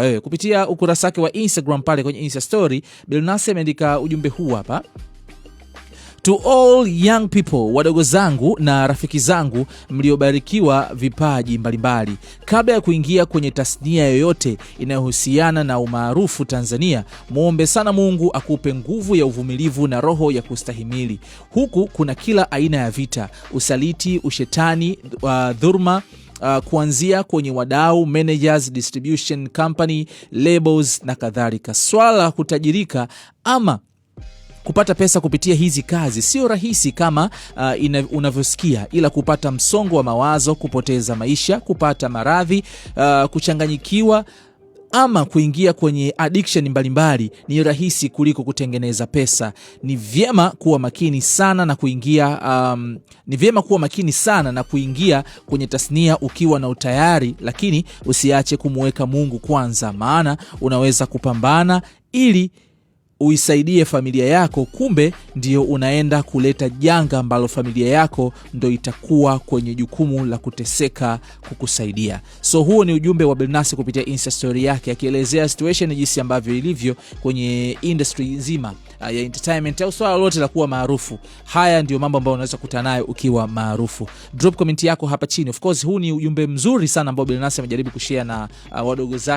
Wewe kupitia ukurasa wake wa Instagram pale kwenye Insta story, Billnass ameandika ujumbe huu hapa. To all young people, wadogo zangu na rafiki zangu mliobarikiwa vipaji mbalimbali Kabla ya kuingia kwenye tasnia yoyote inayohusiana na umaarufu Tanzania, muombe sana Mungu akupe nguvu ya uvumilivu na roho ya kustahimili. Huku kuna kila aina ya vita, usaliti, ushetani, uh, dhuruma uh, kuanzia kwenye wadau, managers, distribution company, labels na kadhalika. Swala la kutajirika ama kupata pesa kupitia hizi kazi sio rahisi kama uh, unavyosikia, ila kupata msongo wa mawazo, kupoteza maisha, kupata maradhi, uh, kuchanganyikiwa ama kuingia kwenye addiction mbalimbali ni rahisi kuliko kutengeneza pesa. Ni vyema kuwa makini sana na kuingia um, ni vyema kuwa makini sana na kuingia kwenye tasnia ukiwa na utayari, lakini usiache kumweka Mungu kwanza, maana unaweza kupambana ili uisaidie familia yako, kumbe ndio unaenda kuleta janga ambalo familia yako ndo itakuwa kwenye jukumu la kuteseka kukusaidia. So huo ni ujumbe wa Billnass kupitia instastori yake akielezea situation jinsi ambavyo ilivyo kwenye industry nzima uh, ya entertainment au swala lolote la kuwa maarufu. Haya ndio mambo ambayo unaweza kukutana nayo ukiwa maarufu. Drop comment yako hapa chini. Of course, huu ni ujumbe mzuri sana ambao Billnass amejaribu kushea na uh, wadogo zake.